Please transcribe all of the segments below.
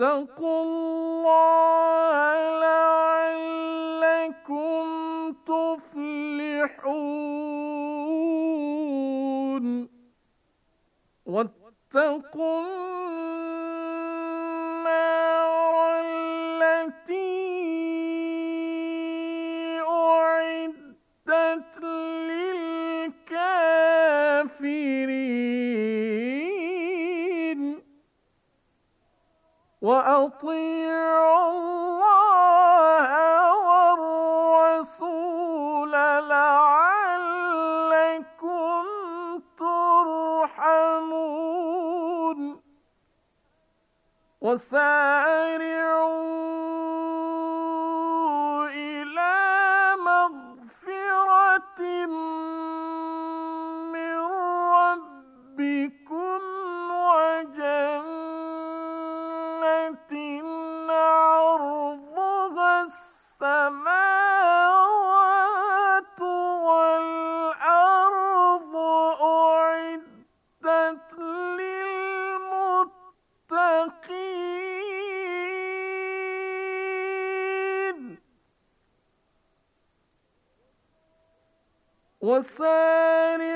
واتقوا الله لعلكم تفلحون واتقوا عسى والسارق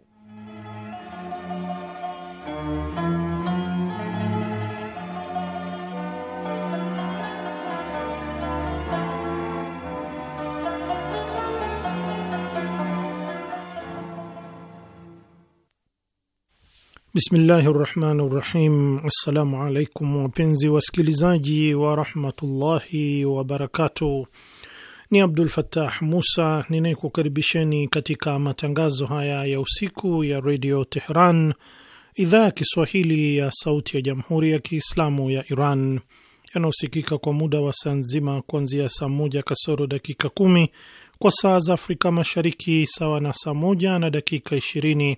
Bismillahi rrahmani rahim Assalamu alaikum wapenzi wasikilizaji warahmatullahi wabarakatuh. Ni Abdul Fattah Musa ninayekukaribisheni katika matangazo haya ya usiku ya redio Tehran, idhaa ya Kiswahili ya sauti ya jamhuri ya Kiislamu ya Iran yanayosikika kwa muda wa saa nzima kuanzia saa moja kasoro dakika kumi kwa saa za Afrika Mashariki, sawa na saa moja na dakika ishirini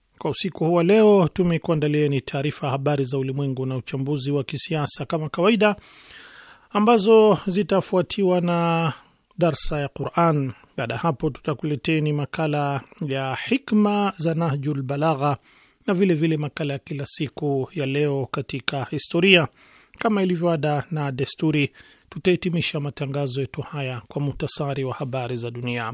Kwa usiku huu wa leo tumekuandalieni taarifa ya habari za ulimwengu na uchambuzi wa kisiasa kama kawaida, ambazo zitafuatiwa na darsa ya Quran. Baada ya hapo, tutakuleteni makala ya hikma za Nahjul Balagha na vilevile vile makala ya kila siku ya leo katika historia. Kama ilivyo ada na desturi, tutahitimisha matangazo yetu haya kwa muhtasari wa habari za dunia.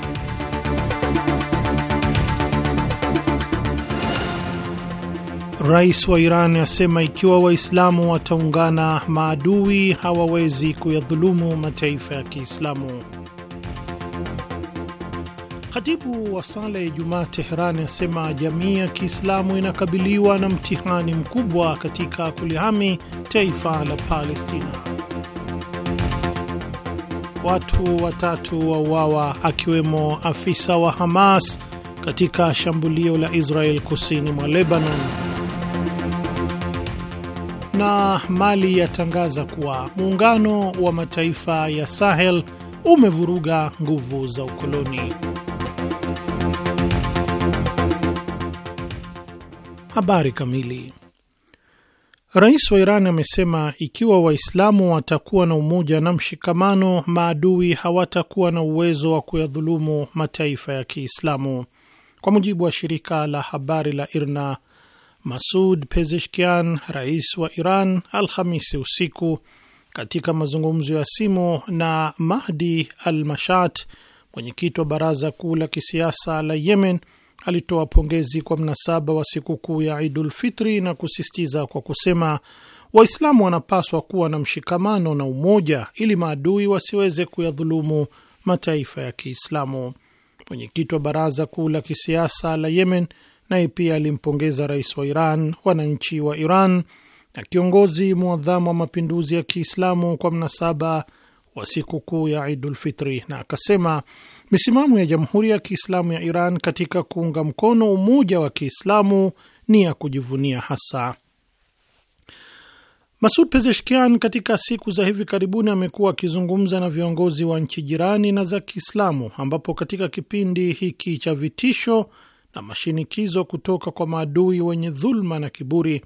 Rais wa Iran asema ikiwa Waislamu wataungana, maadui hawawezi kuyadhulumu mataifa ya Kiislamu. Khatibu wa sala ya Ijumaa Teherani asema jamii ya Kiislamu inakabiliwa na mtihani mkubwa katika kulihami taifa la Palestina. Watu watatu wauawa akiwemo afisa wa Hamas katika shambulio la Israel kusini mwa Lebanon na Mali yatangaza kuwa muungano wa mataifa ya Sahel umevuruga nguvu za ukoloni. Habari kamili. Rais wa Iran amesema ikiwa Waislamu watakuwa na umoja na mshikamano, maadui hawatakuwa na uwezo wa kuyadhulumu mataifa ya Kiislamu. Kwa mujibu wa shirika la habari la IRNA, Masud Pezeshkian, rais wa Iran, Alhamisi usiku katika mazungumzo ya simu na Mahdi al Mashat, mwenyekiti wa baraza kuu la kisiasa la Yemen, alitoa pongezi kwa mnasaba wa sikukuu ya Idul Fitri na kusisitiza kwa kusema Waislamu wanapaswa kuwa na mshikamano na umoja ili maadui wasiweze kuyadhulumu mataifa ya Kiislamu. Mwenyekiti wa baraza kuu la kisiasa la Yemen naye pia alimpongeza rais wa Iran, wananchi wa Iran na kiongozi mwadhamu wa mapinduzi ya Kiislamu kwa mnasaba wa sikukuu ya Idulfitri, na akasema misimamo ya Jamhuri ya Kiislamu ya Iran katika kuunga mkono umoja wa Kiislamu ni ya kujivunia hasa. Masud Pezeshkian katika siku za hivi karibuni amekuwa akizungumza na viongozi wa nchi jirani na za Kiislamu, ambapo katika kipindi hiki cha vitisho na mashinikizo kutoka kwa maadui wenye dhuluma na kiburi,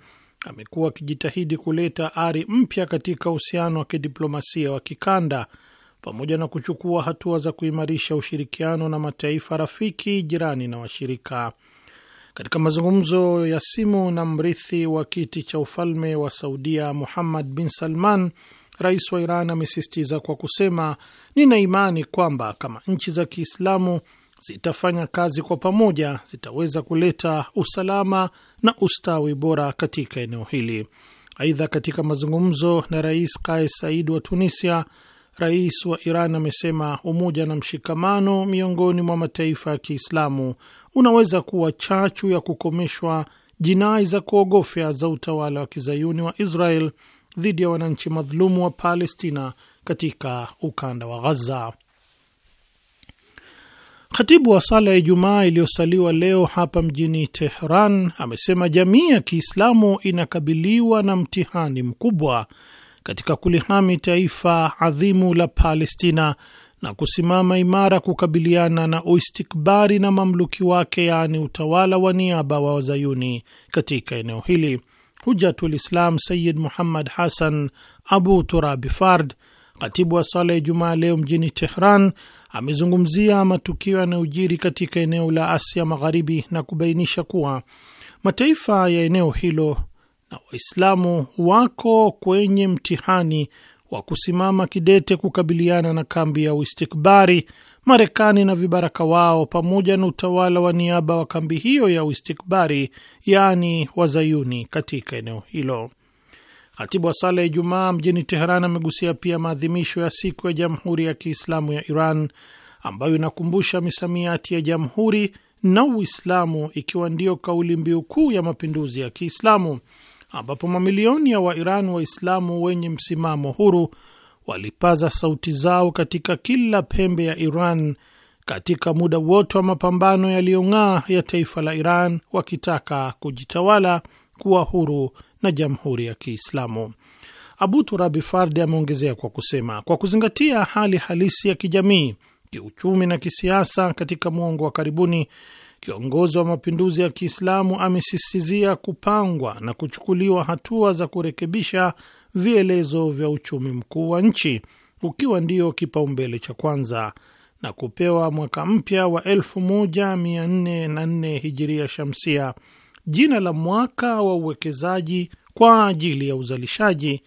amekuwa akijitahidi kuleta ari mpya katika uhusiano wa kidiplomasia wa kikanda pamoja na kuchukua hatua za kuimarisha ushirikiano na mataifa rafiki, jirani na washirika. Katika mazungumzo ya simu na mrithi wa kiti cha ufalme wa Saudia Muhammad bin Salman, rais wa Iran amesisitiza kwa kusema, nina imani kwamba kama nchi za Kiislamu zitafanya kazi kwa pamoja zitaweza kuleta usalama na ustawi bora katika eneo hili. Aidha, katika mazungumzo na Rais Kais Said wa Tunisia, rais wa Iran amesema umoja na mshikamano miongoni mwa mataifa ya Kiislamu unaweza kuwa chachu ya kukomeshwa jinai za kuogofya za utawala wa kizayuni wa Israel dhidi ya wananchi madhulumu wa Palestina katika ukanda wa Ghaza. Khatibu wa sala ya Ijumaa iliyosaliwa leo hapa mjini Tehran amesema jamii ya Kiislamu inakabiliwa na mtihani mkubwa katika kulihami taifa adhimu la Palestina na kusimama imara kukabiliana na uistikbari na mamluki wake, yaani utawala wa niaba wa wazayuni katika eneo hili. Hujatul Islam Sayid Muhammad Hassan Abu Turabi Fard, khatibu wa sala ya Ijumaa leo mjini Tehran amezungumzia matukio yanayojiri katika eneo la Asia Magharibi na kubainisha kuwa mataifa ya eneo hilo na Waislamu wako kwenye mtihani wa kusimama kidete kukabiliana na kambi ya uistikbari, Marekani na vibaraka wao pamoja na utawala wa niaba wa kambi hiyo ya uistikbari, yaani wazayuni katika eneo hilo. Khatibu wa sala ya Ijumaa mjini Teheran amegusia pia maadhimisho ya siku ya Jamhuri ya Kiislamu ya Iran ambayo inakumbusha misamiati ya jamhuri na Uislamu, ikiwa ndiyo kauli mbiu kuu ya mapinduzi ya Kiislamu, ambapo mamilioni ya Wairan Waislamu wenye msimamo huru walipaza sauti zao katika kila pembe ya Iran katika muda wote wa mapambano yaliyong'aa ya taifa la Iran wakitaka kujitawala, kuwa huru na Jamhuri ya Kiislamu. Abu Turabi Fardi ameongezea kwa kusema, kwa kuzingatia hali halisi ya kijamii, kiuchumi na kisiasa katika mwongo wa karibuni, kiongozi wa mapinduzi ya Kiislamu amesisitizia kupangwa na kuchukuliwa hatua za kurekebisha vielezo vya uchumi mkuu wa nchi ukiwa ndio kipaumbele cha kwanza na kupewa mwaka mpya wa 1404 hijiria shamsia jina la mwaka wa uwekezaji kwa ajili ya uzalishaji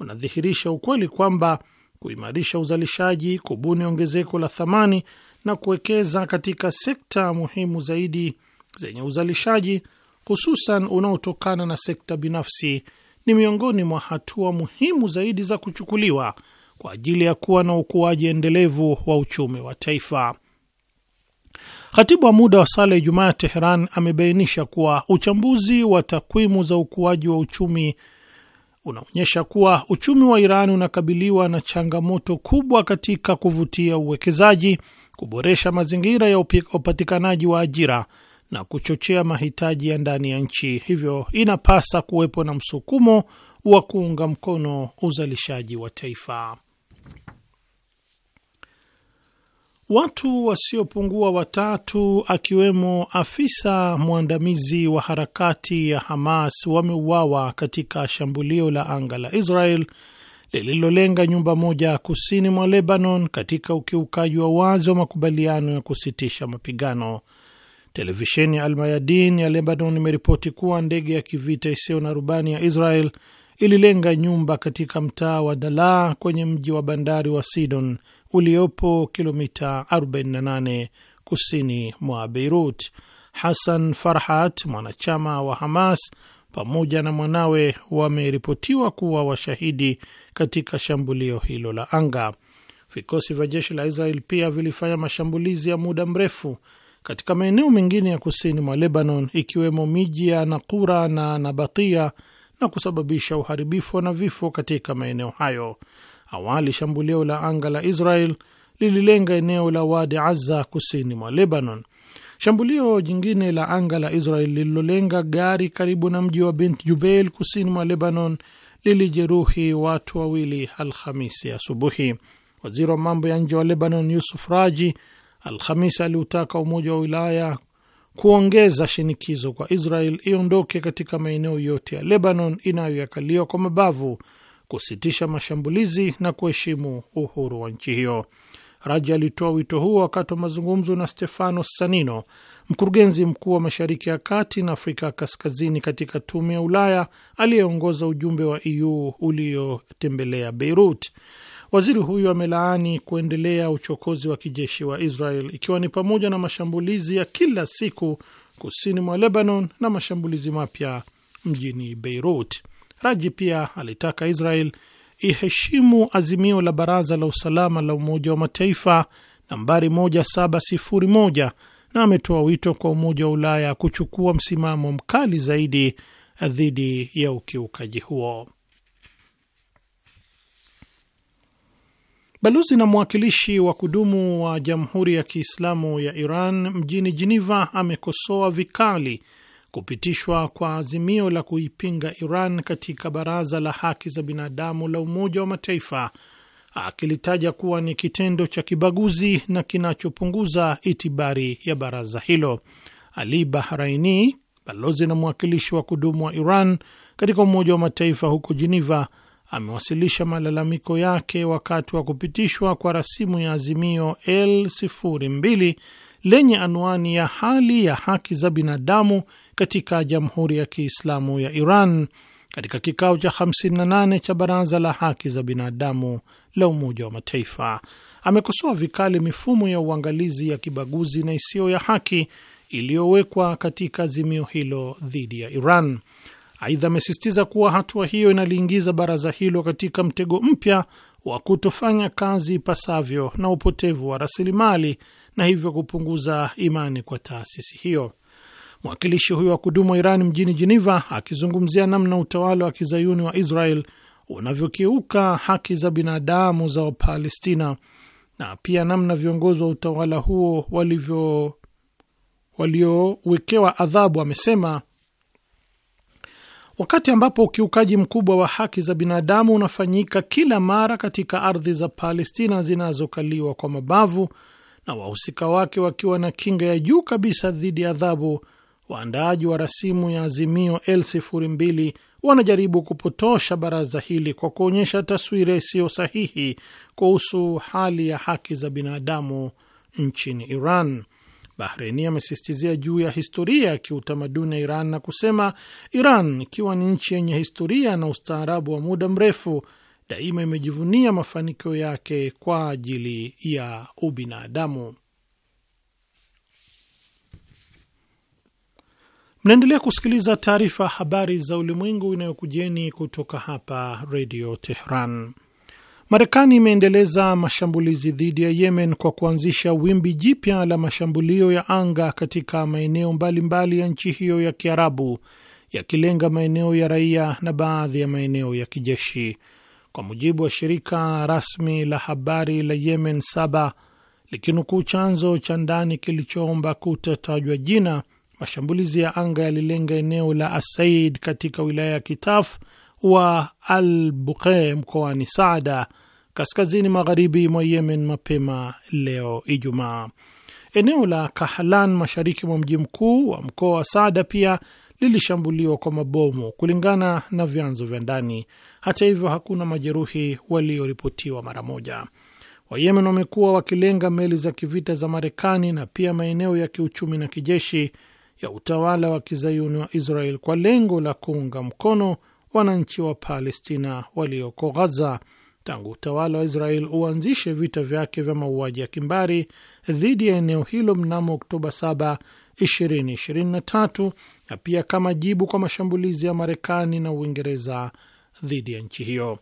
unadhihirisha ukweli kwamba kuimarisha uzalishaji, kubuni ongezeko la thamani na kuwekeza katika sekta muhimu zaidi zenye uzalishaji, hususan unaotokana na sekta binafsi, ni miongoni mwa hatua muhimu zaidi za kuchukuliwa kwa ajili ya kuwa na ukuaji endelevu wa uchumi wa taifa. Khatibu wa muda wa sala ya Ijumaa Teheran amebainisha kuwa uchambuzi wa takwimu za ukuaji wa uchumi unaonyesha kuwa uchumi wa Iran unakabiliwa na changamoto kubwa katika kuvutia uwekezaji, kuboresha mazingira ya upatikanaji wa ajira na kuchochea mahitaji ya ndani ya nchi. Hivyo inapasa kuwepo na msukumo wa kuunga mkono uzalishaji wa taifa. Watu wasiopungua watatu akiwemo afisa mwandamizi wa harakati ya Hamas wameuawa katika shambulio la anga la Israel lililolenga nyumba moja kusini mwa Lebanon katika ukiukaji wa wazi wa makubaliano ya kusitisha mapigano. Televisheni ya Almayadin ya Lebanon imeripoti kuwa ndege ya kivita isiyo na rubani ya Israel ililenga nyumba katika mtaa wa Dalaa kwenye mji wa bandari wa Sidon uliopo kilomita 48 kusini mwa Beirut. Hassan Farhat, mwanachama wa Hamas, pamoja na mwanawe wameripotiwa kuwa washahidi katika shambulio hilo la anga. Vikosi vya jeshi la Israel pia vilifanya mashambulizi ya muda mrefu katika maeneo mengine ya kusini mwa Lebanon, ikiwemo miji ya Naqura na Nabatia na kusababisha uharibifu na vifo katika maeneo hayo. Awali shambulio la anga la Israel lililenga eneo la Wadi Azza kusini mwa Lebanon. Shambulio jingine la anga la Israel lililolenga gari karibu na mji wa Bint jubail kusini mwa Lebanon lilijeruhi watu wawili Alhamisi asubuhi. Waziri wa mambo ya nje wa Lebanon Yusuf Raji Alhamisi aliutaka Umoja wa Wilaya kuongeza shinikizo kwa Israel iondoke katika maeneo yote ya Lebanon inayoyakaliwa kwa mabavu kusitisha mashambulizi na kuheshimu uhuru wa nchi hiyo. Raja alitoa wito huo wakati wa mazungumzo na Stefano Sanino, mkurugenzi mkuu wa Mashariki ya Kati na Afrika ya Kaskazini katika Tume ya Ulaya, aliyeongoza ujumbe wa EU uliotembelea Beirut. Waziri huyo amelaani kuendelea uchokozi wa kijeshi wa Israel, ikiwa ni pamoja na mashambulizi ya kila siku kusini mwa Lebanon na mashambulizi mapya mjini Beirut. Raji pia alitaka Israel iheshimu azimio la Baraza la Usalama la Umoja wa Mataifa nambari 1701 na ametoa wito kwa Umoja wa Ulaya kuchukua msimamo mkali zaidi dhidi ya ukiukaji huo. Balozi na mwakilishi wa kudumu wa Jamhuri ya Kiislamu ya Iran mjini jiniva amekosoa vikali kupitishwa kwa azimio la kuipinga Iran katika Baraza la Haki za Binadamu la Umoja wa Mataifa, akilitaja kuwa ni kitendo cha kibaguzi na kinachopunguza itibari ya baraza hilo. Ali Bahraini, balozi na mwakilishi wa kudumu wa Iran katika Umoja wa Mataifa huko Jeneva, amewasilisha malalamiko yake wakati wa kupitishwa kwa rasimu ya azimio L02 lenye anwani ya hali ya haki za binadamu katika Jamhuri ya Kiislamu ya Iran katika kikao cha 58 cha Baraza la Haki za Binadamu la Umoja wa Mataifa. Amekosoa vikali mifumo ya uangalizi ya kibaguzi na isiyo ya haki iliyowekwa katika azimio hilo dhidi ya Iran. Aidha, amesisitiza kuwa hatua hiyo inaliingiza baraza hilo katika mtego mpya wa kutofanya kazi ipasavyo na upotevu wa rasilimali na hivyo kupunguza imani kwa taasisi hiyo. Mwakilishi huyo wa kudumu wa Iran mjini Jeneva akizungumzia namna utawala wa kizayuni wa Israel unavyokiuka haki za binadamu za Wapalestina na pia namna viongozi wa utawala huo walivyo waliowekewa adhabu, amesema wakati ambapo ukiukaji mkubwa wa haki za binadamu unafanyika kila mara katika ardhi za Palestina zinazokaliwa kwa mabavu na wahusika wake wakiwa na kinga ya juu kabisa dhidi ya adhabu waandaaji wa rasimu ya azimio L02 wanajaribu kupotosha baraza hili kwa kuonyesha taswira isiyo sahihi kuhusu hali ya haki za binadamu nchini Iran. Bahreni amesistizia juu ya historia ya kiutamaduni ya Iran na kusema Iran, ikiwa ni nchi yenye historia na ustaarabu wa muda mrefu, daima imejivunia mafanikio yake kwa ajili ya ubinadamu. Mnaendelea kusikiliza taarifa habari za ulimwengu inayokujeni kutoka hapa redio Tehran. Marekani imeendeleza mashambulizi dhidi ya Yemen kwa kuanzisha wimbi jipya la mashambulio ya anga katika maeneo mbalimbali ya nchi hiyo ya Kiarabu, yakilenga maeneo ya raia na baadhi ya maeneo ya kijeshi, kwa mujibu wa shirika rasmi la habari la Yemen Saba likinukuu chanzo cha ndani kilichoomba kutatajwa jina Mashambulizi ya anga yalilenga eneo la Asaid katika wilaya ya Kitaf wa Al buke mkoani Saada kaskazini magharibi mwa Yemen mapema leo Ijumaa. Eneo la Kahlan mashariki mwa mji mkuu wa mkoa wa Saada pia lilishambuliwa kwa mabomu kulingana na vyanzo vya ndani. Hata hivyo, hakuna majeruhi walioripotiwa mara moja. Wayemen wamekuwa wakilenga meli za kivita za Marekani na pia maeneo ya kiuchumi na kijeshi ya utawala wa kizayuni wa Israel kwa lengo la kuunga mkono wananchi wa Palestina walioko Ghaza. Tangu utawala wa Israel uanzishe vita vyake vya mauaji ya kimbari dhidi ya eneo hilo mnamo Oktoba 7, 2023 na pia kama jibu kwa mashambulizi ya Marekani na Uingereza dhidi ya nchi hiyo.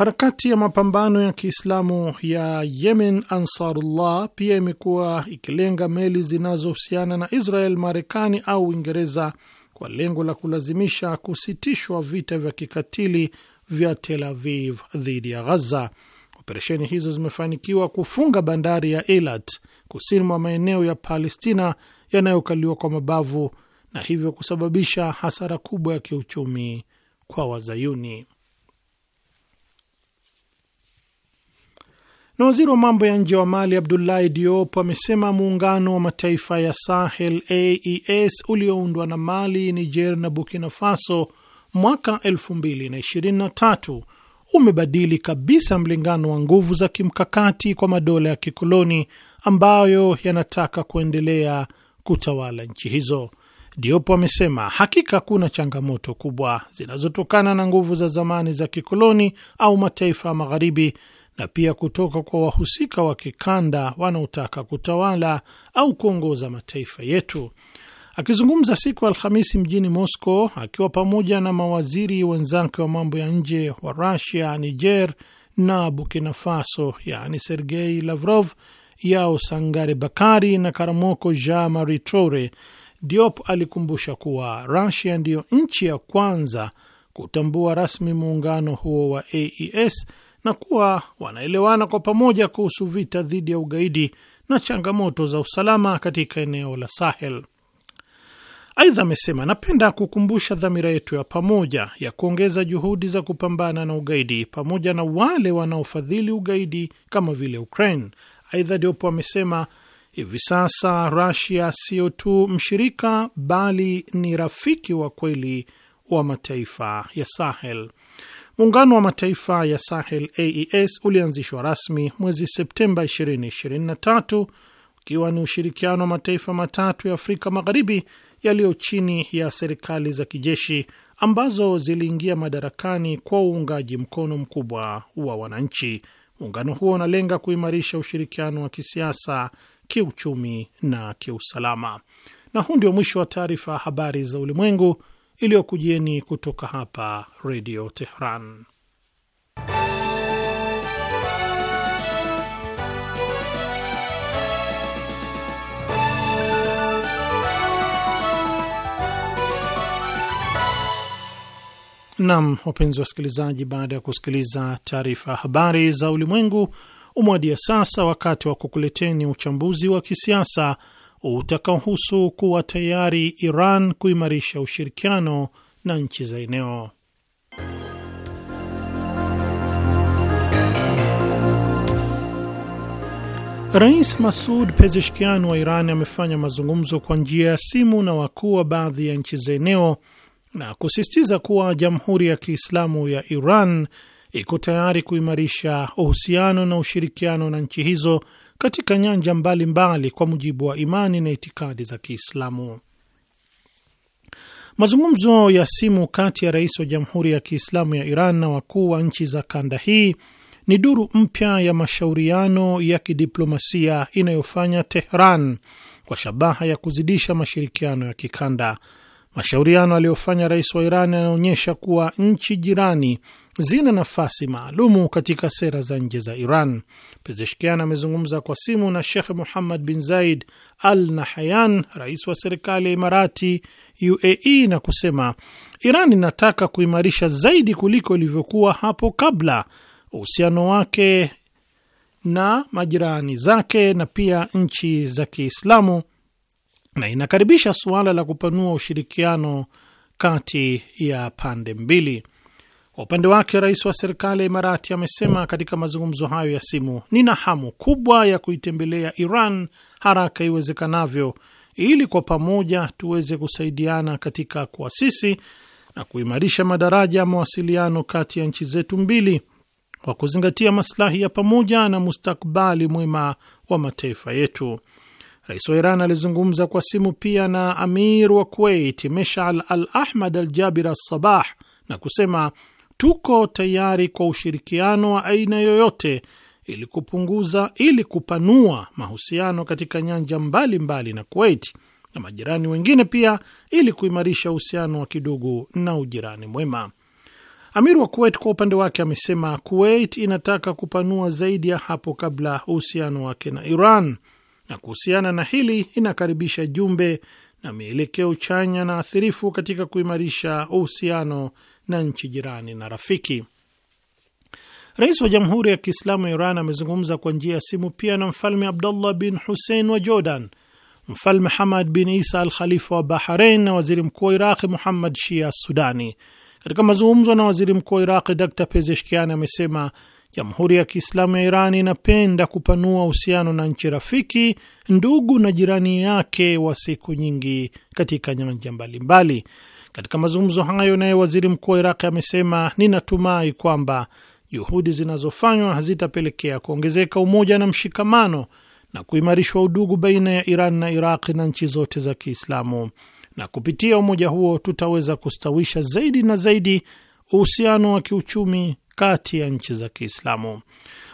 Harakati ya mapambano ya Kiislamu ya Yemen Ansarullah pia imekuwa ikilenga meli zinazohusiana na Israel, Marekani au Uingereza kwa lengo la kulazimisha kusitishwa vita vya kikatili vya Tel Aviv dhidi ya Ghaza. Operesheni hizo zimefanikiwa kufunga bandari ya Eilat kusini mwa maeneo ya Palestina yanayokaliwa kwa mabavu na hivyo kusababisha hasara kubwa ya kiuchumi kwa Wazayuni. Na waziri wa mambo ya nje wa Mali abdulahi Diop amesema muungano wa mataifa ya Sahel AES ulioundwa na Mali, Niger na Burkina Faso mwaka 2023 umebadili kabisa mlingano wa nguvu za kimkakati kwa madola ya kikoloni ambayo yanataka kuendelea kutawala nchi hizo. Diop amesema hakika kuna changamoto kubwa zinazotokana na nguvu za zamani za kikoloni au mataifa ya magharibi na pia kutoka kwa wahusika wa kikanda wanaotaka kutawala au kuongoza mataifa yetu. Akizungumza siku ya Alhamisi mjini Moscow akiwa pamoja na mawaziri wenzake wa mambo ya nje wa Rusia, Niger na Burkina Faso, yaani Sergei Lavrov, Yao Sangare Bakari na Karamoko Jean Marie Traore, Diop alikumbusha kuwa Rusia ndiyo nchi ya kwanza kutambua rasmi muungano huo wa AES na kuwa wanaelewana kwa pamoja kuhusu vita dhidi ya ugaidi na changamoto za usalama katika eneo la Sahel. Aidha amesema, napenda kukumbusha dhamira yetu ya pamoja ya kuongeza juhudi za kupambana na ugaidi pamoja na wale wanaofadhili ugaidi kama vile Ukraine. Aidha Diopo amesema hivi sasa rasia sio tu mshirika bali ni rafiki wa kweli wa mataifa ya Sahel. Muungano wa Mataifa ya Sahel AES ulianzishwa rasmi mwezi Septemba 2023 ukiwa ni ushirikiano wa mataifa matatu ya Afrika Magharibi yaliyo chini ya serikali za kijeshi ambazo ziliingia madarakani kwa uungaji mkono mkubwa wa wananchi. Muungano huo unalenga kuimarisha ushirikiano wa kisiasa, kiuchumi na kiusalama. Na huu ndio mwisho wa taarifa habari za ulimwengu iliyokujieni kutoka hapa Redio Tehran. Nam, wapenzi wasikilizaji, baada ya kusikiliza taarifa habari za ulimwengu, umewadia sasa wakati wa kukuleteni uchambuzi wa kisiasa utakaohusu kuwa tayari Iran kuimarisha ushirikiano na nchi za eneo. Rais Masud Pezeshkian wa Iran amefanya mazungumzo kwa njia ya simu na wakuu wa baadhi ya nchi za eneo na kusisitiza kuwa Jamhuri ya Kiislamu ya Iran iko tayari kuimarisha uhusiano na ushirikiano na nchi hizo katika nyanja mbalimbali mbali kwa mujibu wa imani na itikadi za Kiislamu. Mazungumzo ya simu kati ya rais wa Jamhuri ya Kiislamu ya Iran na wakuu wa nchi za kanda hii ni duru mpya ya mashauriano ya kidiplomasia inayofanya Tehran kwa shabaha ya kuzidisha mashirikiano ya kikanda. Mashauriano aliyofanya rais wa Iran yanaonyesha kuwa nchi jirani zina nafasi maalumu katika sera za nje za Iran. Pezeshkian amezungumza kwa simu na Shekh Muhammad bin Zaid Al Nahayan, rais wa serikali ya Imarati UAE, na kusema Iran inataka kuimarisha zaidi kuliko ilivyokuwa hapo kabla uhusiano wake na majirani zake na pia nchi za Kiislamu na inakaribisha suala la kupanua ushirikiano kati ya pande mbili. Kwa upande wake rais wa serikali ya Imarati amesema katika mazungumzo hayo ya simu, nina hamu kubwa ya kuitembelea Iran haraka iwezekanavyo, ili kwa pamoja tuweze kusaidiana katika kuasisi na kuimarisha madaraja ya mawasiliano kati ya nchi zetu mbili kwa kuzingatia maslahi ya pamoja na mustakbali mwema wa mataifa yetu. Rais wa Iran alizungumza kwa simu pia na amir wa Kuwait Meshal Al Ahmad Al Jabir Al Sabah na kusema tuko tayari kwa ushirikiano wa aina yoyote ili kupunguza ili kupanua mahusiano katika nyanja mbalimbali mbali na Kuwait na majirani wengine pia ili kuimarisha uhusiano wa kidugu na ujirani mwema. Amir wa Kuwait kwa upande wake amesema Kuwait inataka kupanua zaidi ya hapo kabla uhusiano wake na Iran, na kuhusiana na hili inakaribisha jumbe na mielekeo chanya na athirifu katika kuimarisha uhusiano na nchi jirani na rafiki. Rais wa Jamhuri ya Kiislamu ya Iran amezungumza kwa njia ya simu pia na Mfalme Abdullah bin Hussein wa Jordan, Mfalme Hamad bin Isa al Khalifa wa Bahrain na waziri mkuu wa Iraqi Muhammad Shia Sudani. Katika mazungumzo na waziri mkuu wa Iraqi Dr Pezeshkian amesema Jamhuri ya Kiislamu ya Iran inapenda kupanua uhusiano na nchi rafiki, ndugu na jirani yake wa siku nyingi katika nyanja mbalimbali. Katika mazungumzo hayo, naye waziri mkuu wa Iraq amesema, ninatumai kwamba juhudi zinazofanywa zitapelekea kuongezeka umoja na mshikamano na kuimarishwa udugu baina ya Iran na Iraq na nchi zote za Kiislamu, na kupitia umoja huo tutaweza kustawisha zaidi na zaidi uhusiano wa kiuchumi kati ya nchi za Kiislamu.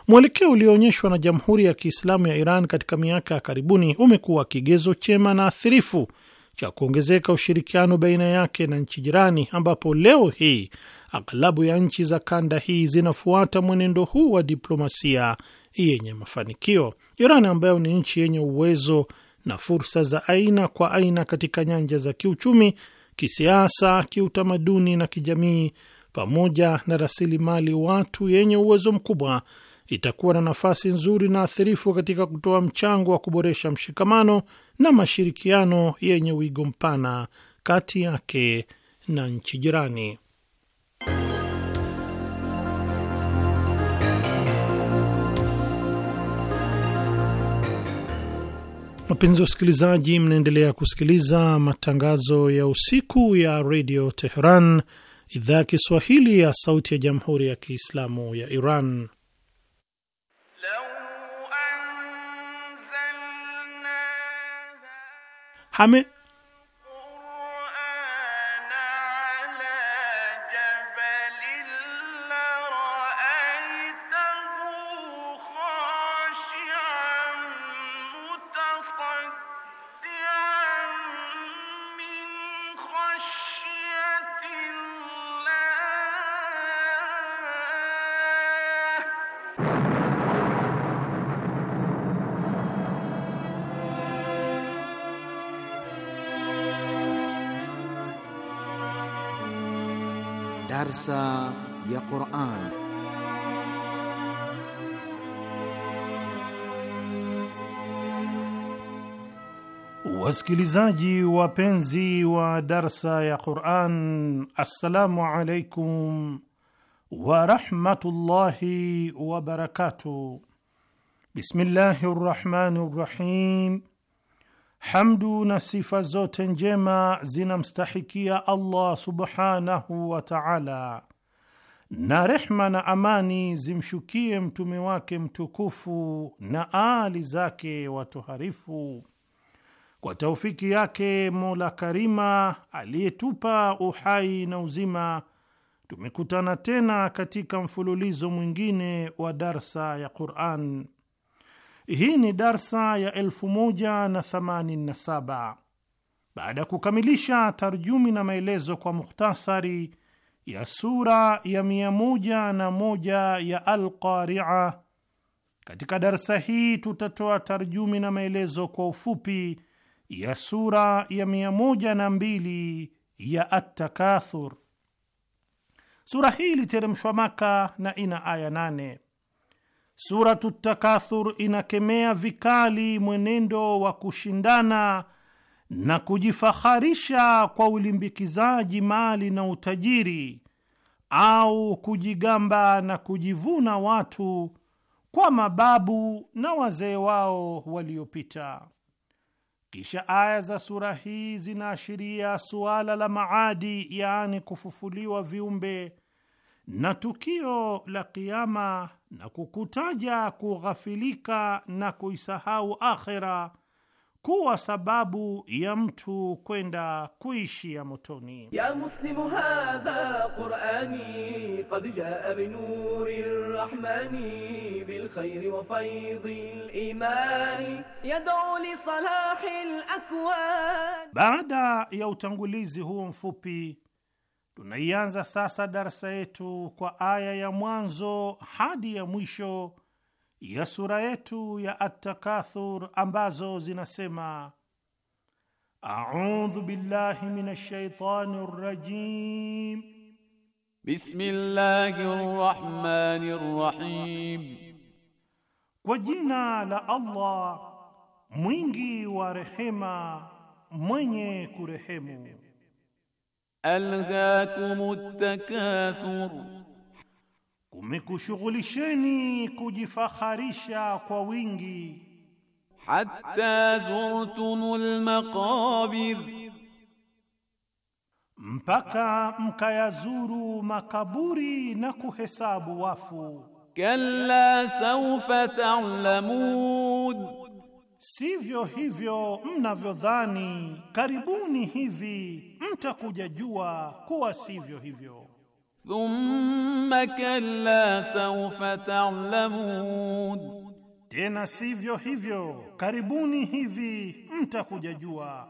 Mwelekeo ulioonyeshwa na Jamhuri ya Kiislamu ya Iran katika miaka ya karibuni umekuwa kigezo chema na athirifu cha kuongezeka ushirikiano baina yake na nchi jirani, ambapo leo hii aghalabu ya nchi za kanda hii zinafuata mwenendo huu wa diplomasia yenye mafanikio. Iran ambayo ni nchi yenye uwezo na fursa za aina kwa aina katika nyanja za kiuchumi, kisiasa, kiutamaduni na kijamii, pamoja na rasilimali watu yenye uwezo mkubwa itakuwa na nafasi nzuri na athirifu katika kutoa mchango wa kuboresha mshikamano na mashirikiano yenye wigo mpana kati yake na nchi jirani. Wapenzi usikilizaji mnaendelea kusikiliza matangazo ya usiku ya redio Teheran, idhaa ya Kiswahili ya sauti ya jamhuri ya Kiislamu ya Iran. همه Wasikilizaji wapenzi wa darsa ya Quran, assalamu alaikum warahmatullahi wabarakatuh. Bismillahi rahmani rahim Hamdu na sifa zote njema zinamstahikia Allah subhanahu wa taala, na rehma na amani zimshukie mtume wake mtukufu na aali zake watuharifu kwa taufiki yake Mola Karima aliyetupa uhai na uzima, tumekutana tena katika mfululizo mwingine wa darsa ya Quran. Hii ni darsa ya 1087 baada ya kukamilisha tarjumi na maelezo kwa mukhtasari ya sura ya 11 ya alqaria Katika darsa hii tutatoa tarjumi na maelezo kwa ufupi ya sura ya mia moja na mbili ya Atakathur. Sura hii iliteremshwa Maka na ina aya nane. Suratu Takathur inakemea vikali mwenendo wa kushindana na kujifaharisha kwa ulimbikizaji mali na utajiri au kujigamba na kujivuna watu kwa mababu na wazee wao waliopita. Kisha aya za sura hii zinaashiria suala la maadi, yaani kufufuliwa viumbe na tukio la Kiama, na kukutaja kughafilika na kuisahau akhera kuwa sababu ya mtu kwenda kuishi ya motoni. ya muslimu hadha qurani qad jaa bi nuri rahmani bil bilkhairi wa faidhi limani yadu li al akwan. Baada ya utangulizi huo mfupi, tunaianza sasa darsa yetu kwa aya ya mwanzo hadi ya mwisho ya sura yetu ya At-Takathur ambazo zinasema: a'udhu billahi minash shaitani rrajim, bismillahir rahim, kwa jina la Allah mwingi wa rehema mwenye kurehemu. Alghakumut takathur kumekushughulisheni kujifaharisha kwa wingi. Hatta zurtumul maqabir, mpaka mkayazuru makaburi na kuhesabu wafu. Kalla sawfa ta'lamun, sivyo hivyo mnavyodhani, karibuni hivi mtakuja jua kuwa sivyo hivyo. Thumma kalla sawfa ta'lamun, tena sivyo hivyo, karibuni hivi mtakuja jua.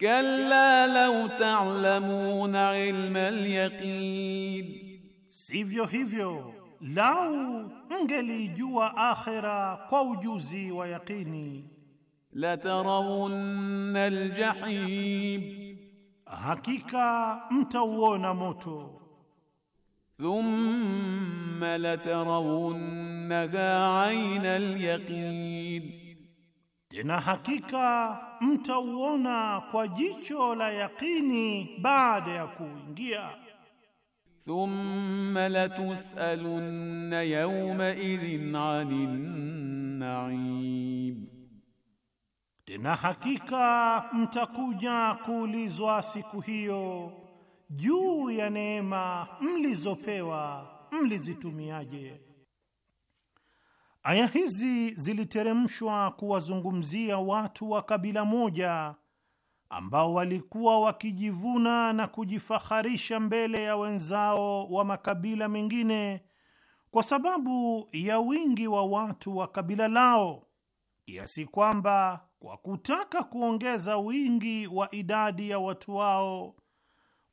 Kalla law ta'lamuna ilma al-yaqin, sivyo hivyo lau mngelijua akhira kwa ujuzi wa yaqini. La tarawunna al-jahim, hakika mtauona moto thumma latarawunnaha aina alyaqin, tena hakika mtauona kwa jicho la yaqini baada ya kuingia. Thumma latusalunna yawma idhin anin na'im, tena hakika mtakuja kuulizwa siku hiyo juu ya neema mlizopewa mlizitumiaje? Aya hizi ziliteremshwa kuwazungumzia watu wa kabila moja ambao walikuwa wakijivuna na kujifaharisha mbele ya wenzao wa makabila mengine kwa sababu ya wingi wa watu wa kabila lao, kiasi kwamba kwa kutaka kuongeza wingi wa idadi ya watu wao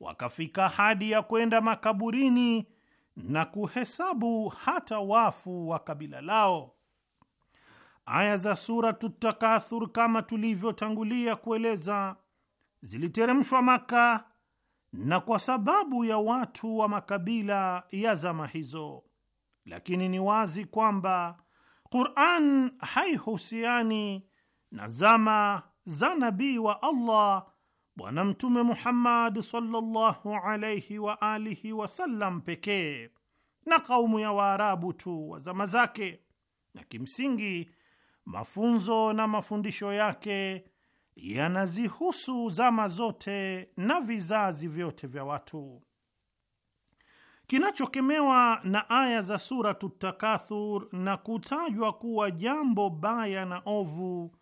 wakafika hadi ya kwenda makaburini na kuhesabu hata wafu wa kabila lao. Aya za Suratu Takathur, kama tulivyotangulia kueleza, ziliteremshwa Maka na kwa sababu ya watu wa makabila ya zama hizo, lakini ni wazi kwamba Quran haihusiani na zama za nabii wa Allah Bwana Mtume Muhammad sallallahu alayhi wa alihi wasallam pekee na kaumu ya Waarabu tu wa zama zake, na kimsingi mafunzo na mafundisho yake yanazihusu zama zote na vizazi vyote vya watu. Kinachokemewa na aya za Suratu Takathur na kutajwa kuwa jambo baya na ovu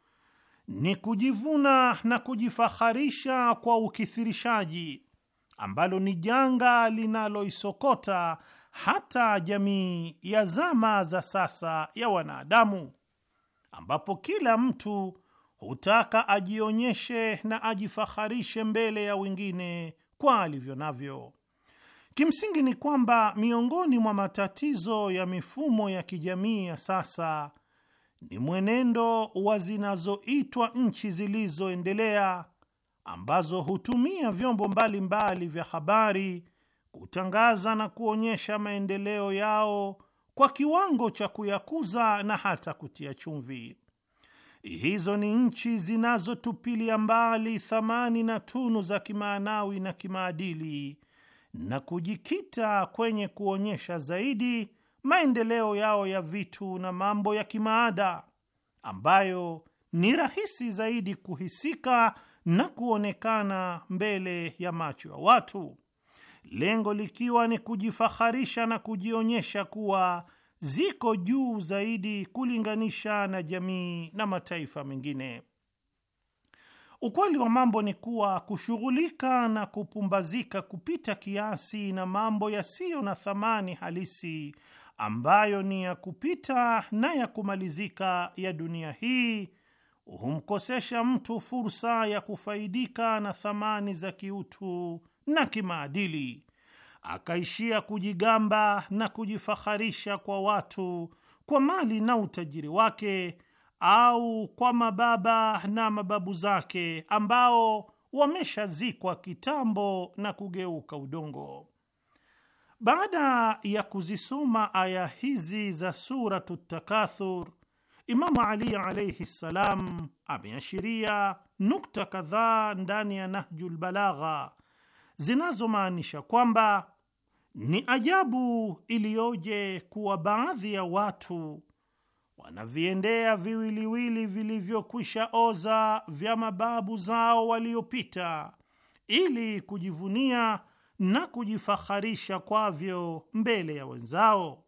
ni kujivuna na kujifaharisha kwa ukithirishaji ambalo ni janga linaloisokota hata jamii ya zama za sasa ya wanadamu, ambapo kila mtu hutaka ajionyeshe na ajifaharishe mbele ya wengine kwa alivyo navyo. Kimsingi ni kwamba miongoni mwa matatizo ya mifumo ya kijamii ya sasa ni mwenendo wa zinazoitwa nchi zilizoendelea ambazo hutumia vyombo mbalimbali mbali vya habari kutangaza na kuonyesha maendeleo yao kwa kiwango cha kuyakuza na hata kutia chumvi. Hizo ni nchi zinazotupilia mbali thamani na tunu za kimaanawi na kimaadili na kujikita kwenye kuonyesha zaidi maendeleo yao ya vitu na mambo ya kimaada ambayo ni rahisi zaidi kuhisika na kuonekana mbele ya macho ya watu, lengo likiwa ni kujifaharisha na kujionyesha kuwa ziko juu zaidi kulinganisha na jamii na mataifa mengine. Ukweli wa mambo ni kuwa kushughulika na kupumbazika kupita kiasi na mambo yasiyo na thamani halisi ambayo ni ya kupita na ya kumalizika ya dunia hii humkosesha mtu fursa ya kufaidika na thamani za kiutu na kimaadili, akaishia kujigamba na kujifaharisha kwa watu kwa mali na utajiri wake au kwa mababa na mababu zake ambao wameshazikwa kitambo na kugeuka udongo. Baada ya kuzisoma aya hizi za Suratu Takathur, Imamu Ali alaihi ssalam ameashiria nukta kadhaa ndani ya Nahjul Balagha zinazomaanisha kwamba ni ajabu iliyoje kuwa baadhi ya watu wanaviendea viwiliwili vilivyokwisha oza vya mababu zao waliopita ili kujivunia na kujifaharisha kwavyo mbele ya wenzao,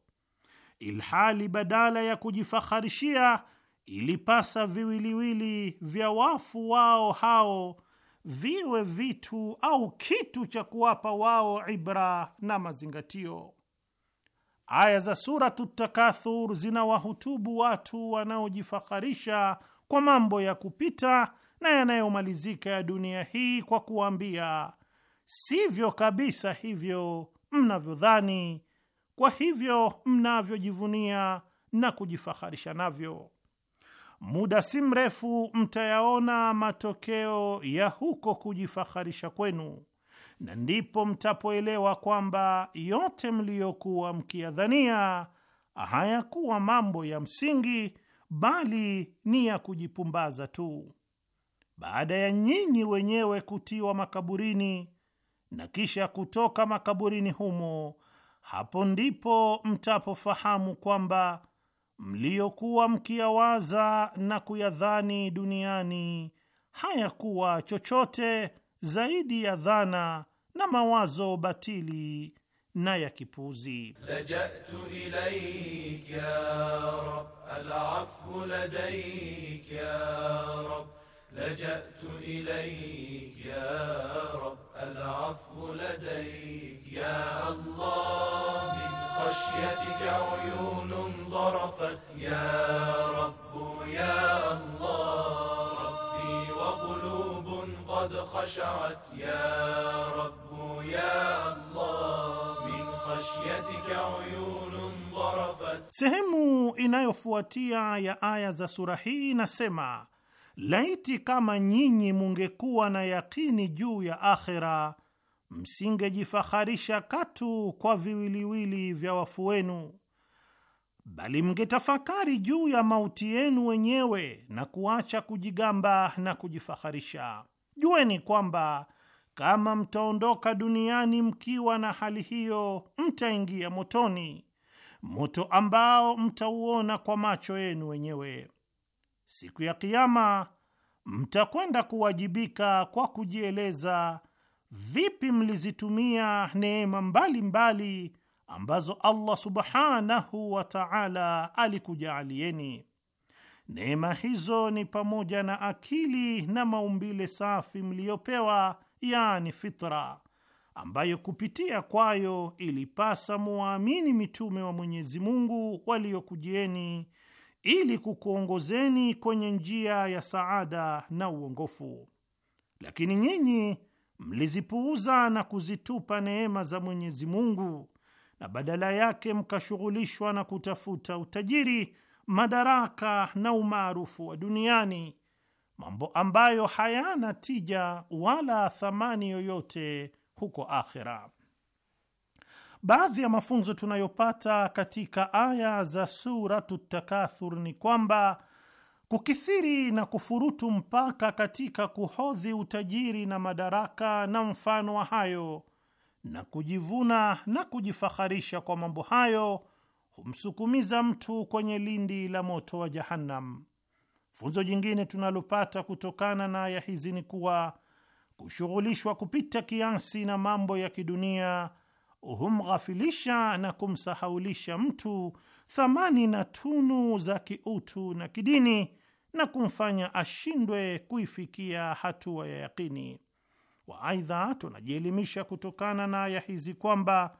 ilhali badala ya kujifaharishia ilipasa viwiliwili vya wafu wao hao viwe vitu au kitu cha kuwapa wao ibra na mazingatio. Aya za Suratu Takathur zinawahutubu watu wanaojifaharisha kwa mambo ya kupita na yanayomalizika ya dunia hii kwa kuwaambia sivyo kabisa hivyo mnavyodhani, kwa hivyo mnavyojivunia na kujifaharisha navyo. Muda si mrefu mtayaona matokeo ya huko kujifaharisha kwenu, na ndipo mtapoelewa kwamba yote mliyokuwa mkiyadhania hayakuwa mambo ya msingi, bali ni ya kujipumbaza tu. Baada ya nyinyi wenyewe kutiwa makaburini na kisha kutoka makaburini humo, hapo ndipo mtapofahamu kwamba mliokuwa mkiyawaza na kuyadhani duniani hayakuwa chochote zaidi ya dhana na mawazo batili na ya kipuzi. Lajatu لجأت إليك يا رب العفو لديك يا الله من خشيتك عيون ضرفت يا رب يا الله ربي وقلوب قد خشعت يا رب يا الله من خشيتك عيون ضرفت. Sehemu inayofuatia ya aya za sura hii inasema Laiti kama nyinyi mungekuwa na yakini juu ya akhera, msingejifaharisha katu kwa viwiliwili vya wafu wenu, bali mngetafakari juu ya mauti yenu wenyewe na kuacha kujigamba na kujifaharisha. Jueni kwamba kama mtaondoka duniani mkiwa na hali hiyo, mtaingia motoni, moto ambao mtauona kwa macho yenu wenyewe siku ya Kiama mtakwenda kuwajibika kwa kujieleza vipi mlizitumia neema mbalimbali ambazo Allah subhanahu wa ta'ala alikujaalieni. Neema hizo ni pamoja na akili na maumbile safi mliyopewa, yani fitra, ambayo kupitia kwayo ilipasa muwaamini mitume wa Mwenyezi Mungu waliokujieni ili kukuongozeni kwenye njia ya saada na uongofu, lakini nyinyi mlizipuuza na kuzitupa neema za Mwenyezi Mungu, na badala yake mkashughulishwa na kutafuta utajiri, madaraka na umaarufu wa duniani, mambo ambayo hayana tija wala thamani yoyote huko akhera. Baadhi ya mafunzo tunayopata katika aya za Suratu Takathur ni kwamba kukithiri na kufurutu mpaka katika kuhodhi utajiri na madaraka na mfano wa hayo na kujivuna na kujifaharisha kwa mambo hayo humsukumiza mtu kwenye lindi la moto wa Jahannam. Funzo jingine tunalopata kutokana na aya hizi ni kuwa kushughulishwa kupita kiasi na mambo ya kidunia humghafilisha na kumsahaulisha mtu thamani na tunu za kiutu na kidini na kumfanya ashindwe kuifikia hatua ya yaqini. Waaidha, tunajielimisha kutokana na aya hizi kwamba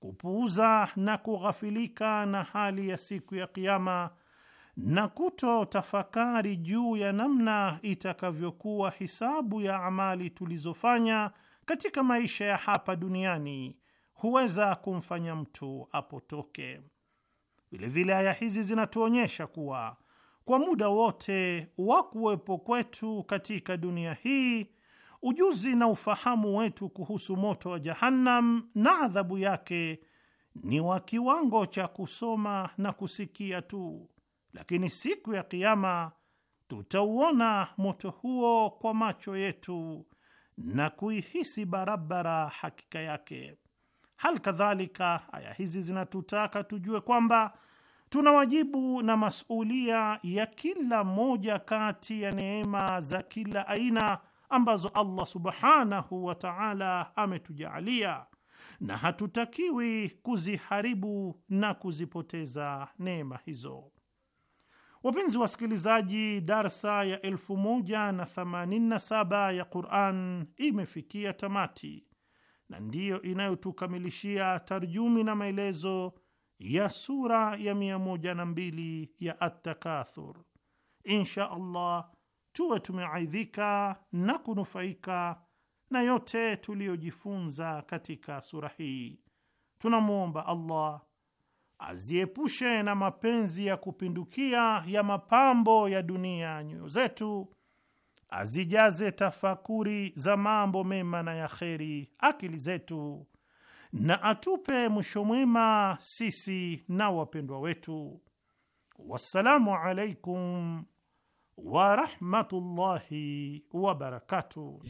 kupuuza na kughafilika na hali ya siku ya Kiama na kutotafakari juu ya namna itakavyokuwa hisabu ya amali tulizofanya katika maisha ya hapa duniani huweza kumfanya mtu apotoke. Vilevile aya hizi zinatuonyesha kuwa kwa muda wote wa kuwepo kwetu katika dunia hii ujuzi na ufahamu wetu kuhusu moto wa Jahannam na adhabu yake ni wa kiwango cha kusoma na kusikia tu, lakini siku ya Kiama tutauona moto huo kwa macho yetu na kuihisi barabara hakika yake. Hal kadhalika aya hizi zinatutaka tujue kwamba tuna wajibu na masulia ya kila moja kati ya neema za kila aina ambazo Allah subhanahu wa ta'ala ametujaalia, na hatutakiwi kuziharibu na kuzipoteza neema hizo. Wapenzi wasikilizaji, darsa ya 1087 ya Qur'an imefikia tamati na ndiyo inayotukamilishia tarjumi na maelezo ya sura ya mia moja na mbili ya At-Takathur. Insha Allah tuwe tumeaidhika na kunufaika na yote tuliyojifunza katika sura hii. Tunamwomba Allah aziepushe na mapenzi ya kupindukia ya mapambo ya dunia nyoyo zetu azijaze tafakuri za mambo mema na ya kheri akili zetu, na atupe mwisho mwema sisi na wapendwa wetu. Wassalamu alaikum warahmatullahi wabarakatuh.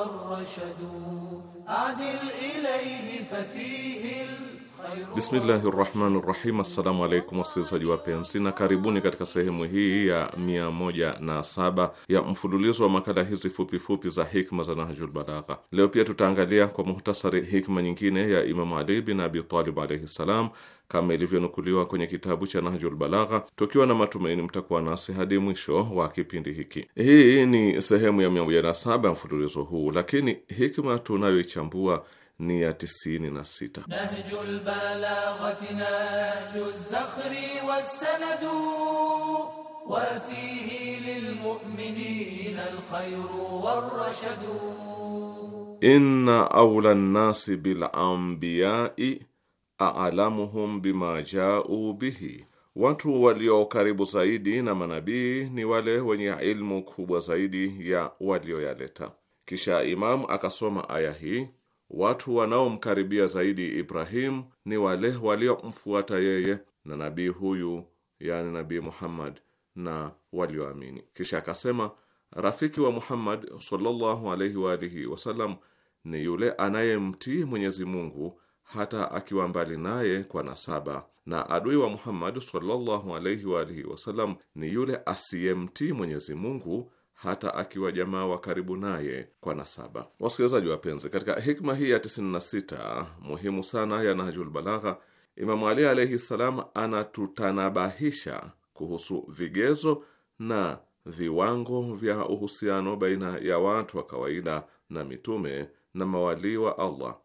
والرشد adil Bismillahi rahmani rahim. Assalamu alaikum wasikilizaji wapenzi, na karibuni katika sehemu hii ya mia moja na saba ya mfululizo wa makala hizi fupifupi za hikma za Nahjul Balagha. Leo pia tutaangalia kwa muhtasari hikma nyingine ya Imamu Ali bin Abi Talib alaihi ssalam kama ilivyonukuliwa kwenye kitabu cha Nahjul Balagha, tukiwa na matumaini mtakuwa nasi hadi mwisho wa kipindi hiki. Hii ni sehemu ya mia ya mfululizo huu, lakini hikma tunayoichambua ni ya tisini na sita. inna aula nnasi bilambiyai aalamuhum bima jau bihi, watu walio karibu zaidi na manabii ni wale wenye ilmu kubwa zaidi ya walioyaleta. Kisha Imamu akasoma aya hii: watu wanaomkaribia zaidi Ibrahimu ni wale waliomfuata yeye na nabii huyu, yani Nabii Muhammad na walioamini. Kisha akasema rafiki wa Muhammad sallallahu alaihi wa alihi wasallam ni yule anayemtii Mwenyezi Mungu hata akiwa mbali naye kwa nasaba. Na adui wa Muhammad sallallahu alaihi wa alihi wasallam ni yule asiyemtii Mwenyezi Mungu hata akiwa jamaa wa karibu naye kwa nasaba. Wasikilizaji wapenzi, katika hikma hii ya 96 muhimu sana ya Nahjul Balagha, Imamu Ali alaihi ssalam anatutanabahisha kuhusu vigezo na viwango vya uhusiano baina ya watu wa kawaida na mitume na mawalii wa Allah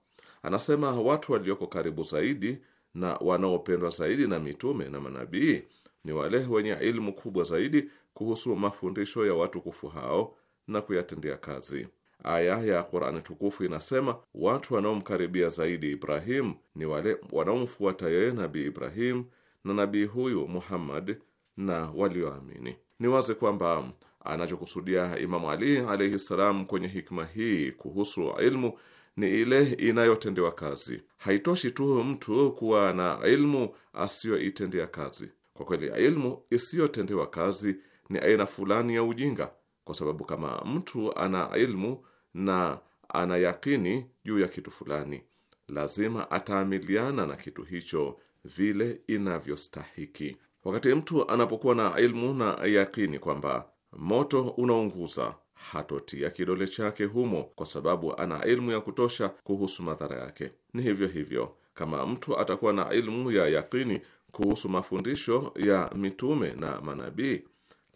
Anasema watu walioko karibu zaidi na wanaopendwa zaidi na mitume na manabii ni wale wenye ilmu kubwa zaidi kuhusu mafundisho ya watukufu hao na kuyatendea kazi. Aya ya Qur'ani tukufu inasema watu wanaomkaribia zaidi Ibrahim ni wale wanaomfuata yeye Nabii Ibrahim na nabii huyu Muhammad na walioamini. Ni wazi kwamba anachokusudia Imamu Ali alayhi salam kwenye hikma hii kuhusu ilmu ni ile inayotendewa kazi. Haitoshi tu mtu kuwa na ilmu asiyoitendea kazi. Kwa kweli, ilmu isiyotendewa kazi ni aina fulani ya ujinga, kwa sababu kama mtu ana ilmu na ana yakini juu ya kitu fulani, lazima ataamiliana na kitu hicho vile inavyostahiki. Wakati mtu anapokuwa na ilmu na yakini kwamba moto unaunguza hatotia kidole chake humo kwa sababu ana ilmu ya kutosha kuhusu madhara yake. Ni hivyo hivyo, kama mtu atakuwa na ilmu ya yakini kuhusu mafundisho ya mitume na manabii,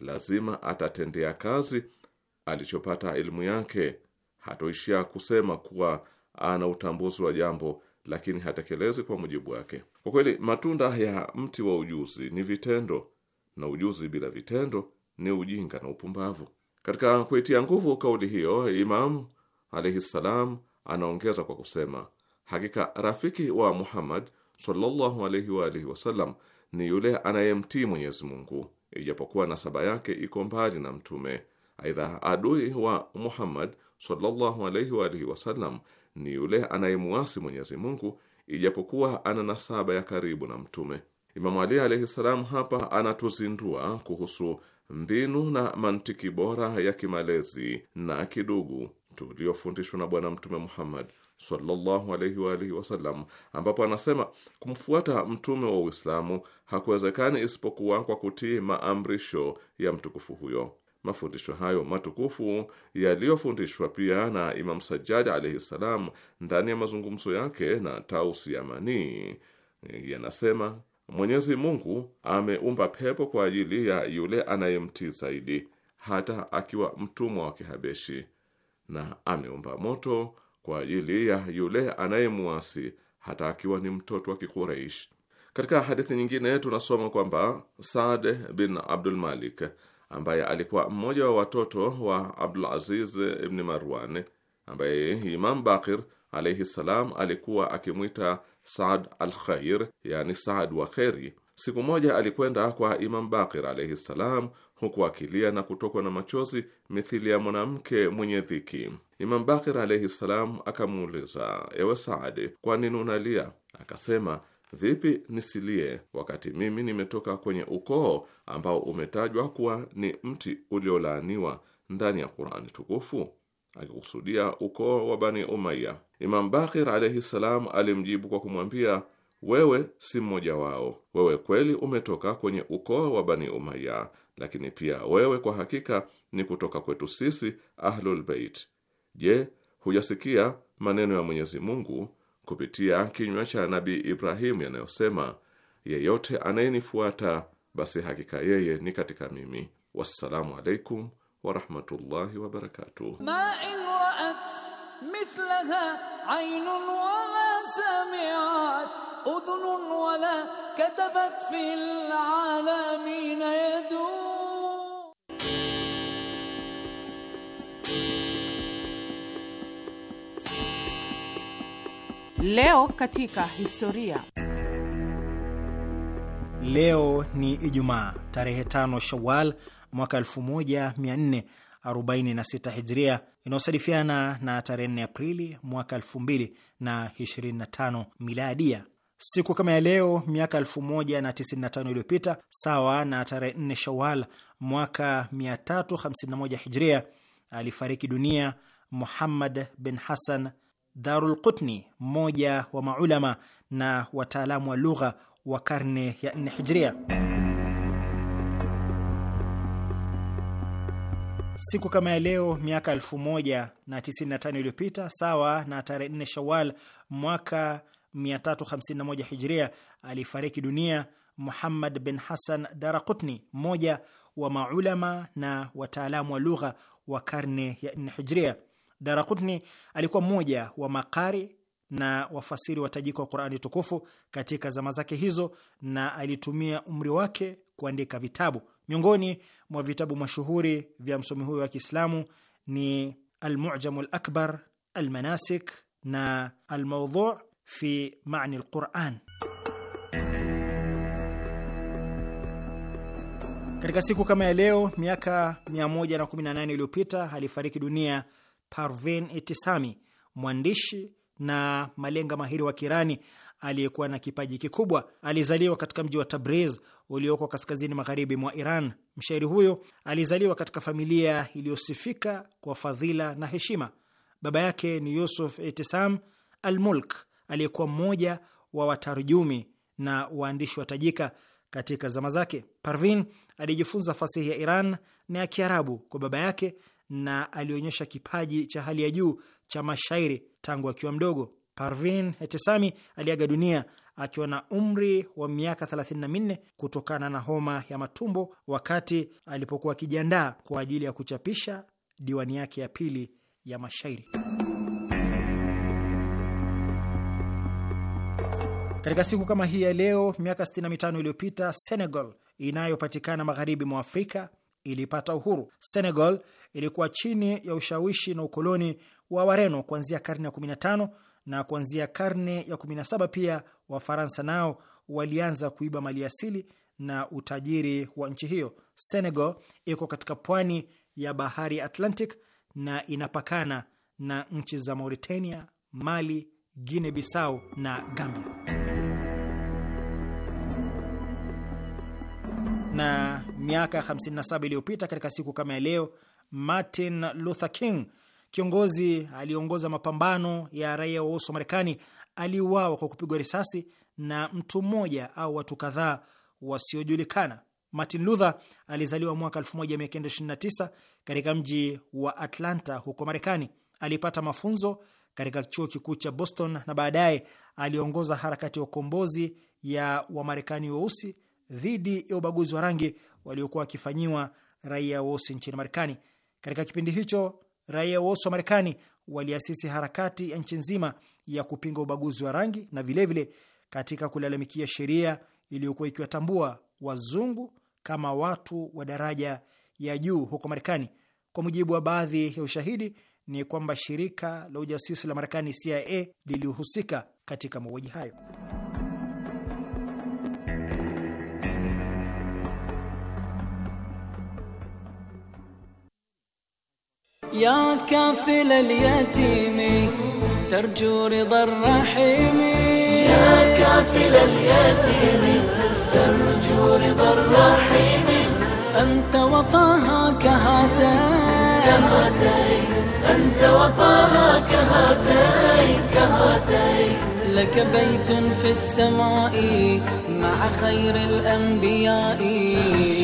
lazima atatendea kazi alichopata elimu yake. Hatoishia kusema kuwa ana utambuzi wa jambo lakini hatekelezi kwa mujibu wake. Kwa kweli, matunda ya mti wa ujuzi ni vitendo, na ujuzi bila vitendo ni ujinga na upumbavu. Katika kuitia nguvu kauli hiyo, Imam alaihi ssalam anaongeza kwa kusema, hakika rafiki wa Muhammad sallallahu alaihi wa alihi wasallam ni yule anayemtii Mwenyezi Mungu ijapokuwa nasaba yake iko mbali na mtume. Aidha, adui wa Muhammad sallallahu alaihi wa alihi wasallam ni yule anayemuasi Mwenyezi Mungu ijapokuwa ana nasaba ya karibu na mtume. Imamu Ali alaihi hapa anatuzindua kuhusu mbinu na mantiki bora ya kimalezi na kidugu tuliyofundishwa na Bwana Mtume Muhammad sallallahu alaihi wa alihi wasallam, ambapo anasema kumfuata mtume wa Uislamu hakuwezekani isipokuwa kwa kutii maamrisho ya mtukufu huyo. Mafundisho hayo matukufu yaliyofundishwa pia na Imam Sajjadi alaihi ssalam ndani ya mazungumzo yake na Tausi Yamani yanasema Mwenyezi Mungu ameumba pepo kwa ajili ya yule anayemtii zaidi, hata akiwa mtumwa wa kihabeshi, na ameumba moto kwa ajili ya yule anayemwasi, hata akiwa ni mtoto wa Kikureishi. Katika hadithi nyingine tunasoma kwamba Saad bin Abdul Malik ambaye alikuwa mmoja wa watoto wa Abdul Aziz ibn Marwan ambaye Imam Bakir alaihi ssalam alikuwa akimwita Saad al Khair, yani Saad wa kheri. Siku moja alikwenda kwa Imam Bakir alaihi ssalam, huku akilia na kutokwa na machozi mithili ya mwanamke mwenye dhiki. Imam Bakir alaihi ssalam akamuuliza, ewe Saadi, kwa nini unalia? Akasema, vipi nisilie wakati mimi nimetoka kwenye ukoo ambao umetajwa kuwa ni mti uliolaaniwa ndani ya Qurani tukufu? akikusudia ukoo wa Bani Umaya. Imam Bakir alaihi salam alimjibu kwa kumwambia, wewe si mmoja wao. Wewe kweli umetoka kwenye ukoo wa Bani Umaya, lakini pia wewe kwa hakika ni kutoka kwetu sisi Ahlul Bait. Je, hujasikia maneno ya Mwenyezi Mungu kupitia kinywa cha Nabii Ibrahimu yanayosema, yeyote anayenifuata basi hakika yeye ni katika mimi. Wassalamu alaikum ورحمة الله وبركاته ما إن رأت مثلها عين ولا سمعت أذن ولا كتبت في العالمين يدور Leo katika historia. Leo ni Ijumaa tarehe tano Shawal mwaka 1446 hijria inayosadifiana na tarehe 4 Aprili mwaka 2025 miladia. Siku kama ya leo miaka 1095 iliyopita, sawa na tarehe 4 Shawal mwaka 351 hijria, alifariki dunia Muhammad bin Hassan Darul Qutni, mmoja wa maulama na wataalamu wa lugha wa karne ya 4 hijria. Siku kama ya leo miaka 1095 iliyopita, sawa na tarehe 4 Shawal mwaka 351 Hijria, alifariki dunia Muhammad bin Hassan Daraqutni, mmoja wa maulama na wataalamu wa lugha wa karne ya 4 Hijria. Daraqutni alikuwa mmoja wa makari na wafasiri watajika wa Qurani tukufu katika zama zake hizo, na alitumia umri wake kuandika vitabu. Miongoni mwa vitabu mashuhuri vya msomi huyo wa Kiislamu ni Almujamu Lakbar, Almanasik na Almaudhu fi mani Lquran. Katika siku kama ya leo miaka 118 iliyopita alifariki dunia Parvin Itisami, mwandishi na malenga mahiri wa Kirani aliyekuwa na kipaji kikubwa. Alizaliwa katika mji wa Tabriz ulioko kaskazini magharibi mwa Iran. Mshairi huyo alizaliwa katika familia iliyosifika kwa fadhila na heshima. Baba yake ni Yusuf Itisam al-Mulk aliyekuwa mmoja wa watarjumi na waandishi wa tajika katika zama zake. Parvin alijifunza fasihi ya Iran na ya Kiarabu kwa baba yake na alionyesha kipaji cha hali ya juu cha mashairi tangu akiwa mdogo. Parvin Etesami aliaga dunia akiwa na umri wa miaka 34 kutokana na homa ya matumbo wakati alipokuwa akijiandaa kwa ajili ya kuchapisha diwani yake ya pili ya mashairi. Katika siku kama hii ya leo miaka 65 iliyopita Senegal inayopatikana magharibi mwa Afrika ilipata uhuru. Senegal ilikuwa chini ya ushawishi na ukoloni wa Wareno kuanzia karne ya 15 na kuanzia karne ya 17 pia Wafaransa nao walianza kuiba maliasili na utajiri wa nchi hiyo. Senegal iko katika pwani ya bahari ya Atlantic na inapakana na nchi za Mauritania, Mali, Guinea Bissau na Gambia. Na miaka 57 iliyopita katika siku kama ya leo, Martin Luther King Kiongozi aliyeongoza mapambano ya raia weusi wa Marekani aliuawa kwa kupigwa risasi na mtu mmoja au watu kadhaa wasiojulikana. Martin Luther alizaliwa mwaka 1929 katika mji wa Atlanta huko Marekani. Alipata mafunzo katika chuo kikuu cha Boston na baadaye aliongoza harakati ya ukombozi ya Wamarekani weusi dhidi ya ubaguzi wa rangi waliokuwa wakifanyiwa raia weusi nchini Marekani. Katika kipindi hicho raia wote wa Marekani waliasisi harakati ya nchi nzima ya kupinga ubaguzi wa rangi na vilevile vile katika kulalamikia sheria iliyokuwa ikiwatambua wazungu kama watu wa daraja ya juu huko Marekani. Kwa mujibu wa baadhi ya ushahidi ni kwamba shirika la ujasusi la Marekani CIA lilihusika katika mauaji hayo. يا كافل اليتيم ترجو رضا الرحيم يا كافل اليتيم ترجو رضا الرحيم أنت وطاها كهاتين أنت وطاها كهاتين كهاتين لك بيت في السماء مع خير الأنبياء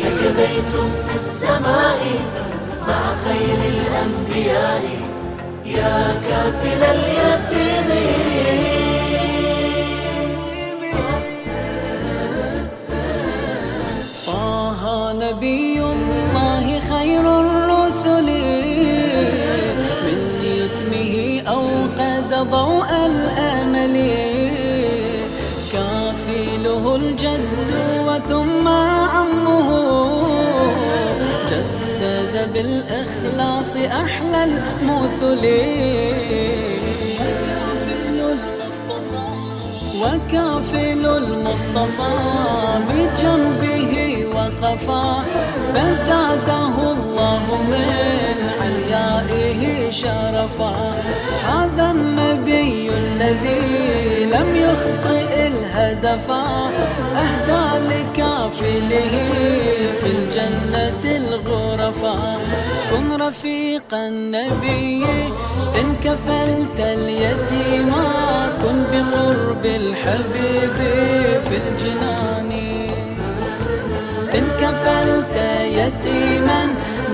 لك بيت في السماء مع خير دياري يا كافل اليتيمين أحلى المثلين وكافل المصطفى بجنبه وقفا فزاده الله من عليائه شرفا هذا النبي الذي لم يخطئ الهدفا أهدى لكافله في الجنة المصطفى كن رفيق النبي إن كفلت اليتيما كن بقرب الحبيب في الجنان إن كفلت يتيما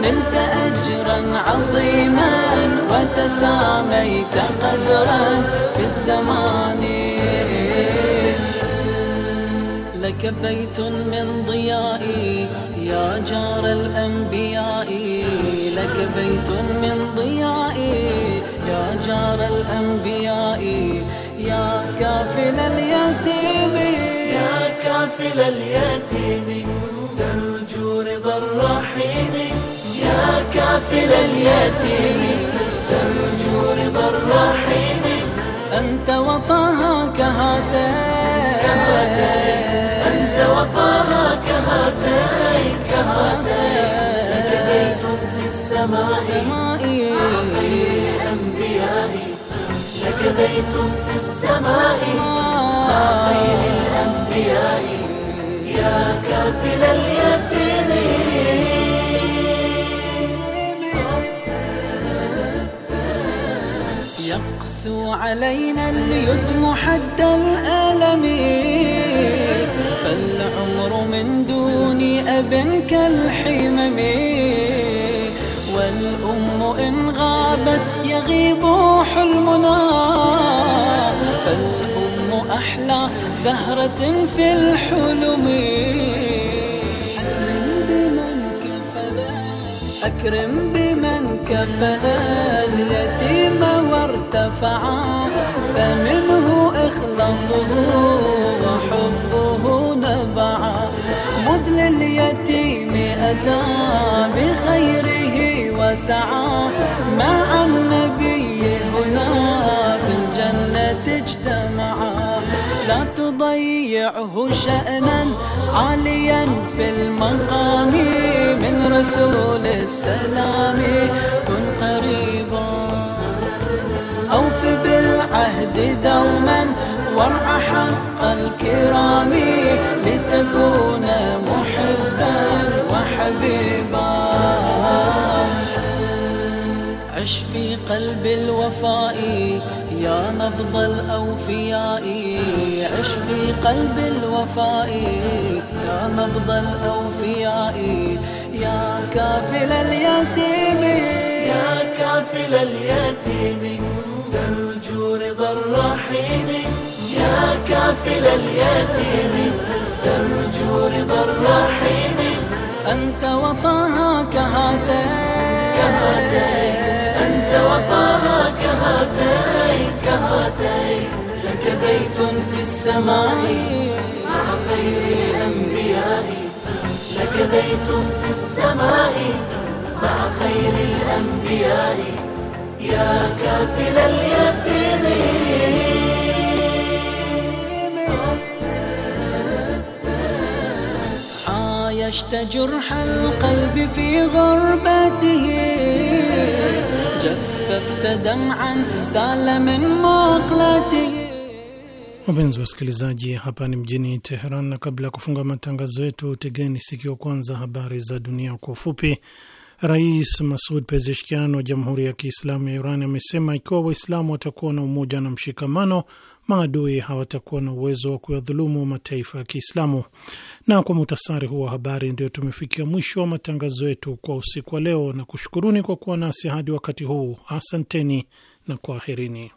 نلت أجرا عظيما وتساميت قدرا في الزمان بيت من ضيائي يا جار الأنبياء لك بيت من ضيائي يا جار الأنبياء يا كافل اليتيم يا كافل اليتيم ترجو رضا الرحيم يا كافل اليتيم ترجو رضا الرحيم أنت وطهاكها بيت في السماء مع خير الأنبياء يا كافل اليتيم يقسو علينا اليتم حد الألم فالعمر من دون أب كالحمم والأم إن غابت يغيب حلمنا أحلى زهرة في الحلم أكرم بمن كفلان أكرم بمن كفلان يتيم وارتفعا فمنه إخلاصه وحبه نبعا مذ لليتيم أتى بخيره وسعى مع النبي لا تضيعه شأنا عاليا في المقام من رسول السلام كن قريبا أوف بالعهد دوما وارعى حق الكرام لتكون محبا وحبيبا عش في قلب الوفاء يا نبض الأوفياء عش في قلب الوفاء يا نبض الأوفياء يا كافل اليتيم يا كافل اليتيم ترجو رضا الرحيم يا كافل اليتيم ترجو رضا الرحيم أنت وطاها كهاتين وطاها كهاتين كهاتين لك بيت في السماء مع خير الأنبياء لك بيت في السماء مع خير الأنبياء يا كافل اليتيم عايشت جرح القلب في غربته شفت دمعا سال min muqlati Wapenzi wasikilizaji, hapa ni mjini Teheran, na kabla ya kufunga matangazo yetu, tegeni sikio kwanza habari za dunia kwa ufupi. Rais Masud Pezeshkian wa Jamhuri ya Kiislamu ya Iran amesema ikiwa Waislamu watakuwa na umoja na mshikamano maadui hawatakuwa na uwezo wa kuyadhulumu mataifa ya Kiislamu. Na kwa muhtasari huu wa habari, ndio tumefikia mwisho wa matangazo yetu kwa usiku wa leo, na kushukuruni kwa kuwa nasi hadi wakati huu. Asanteni na kwaherini.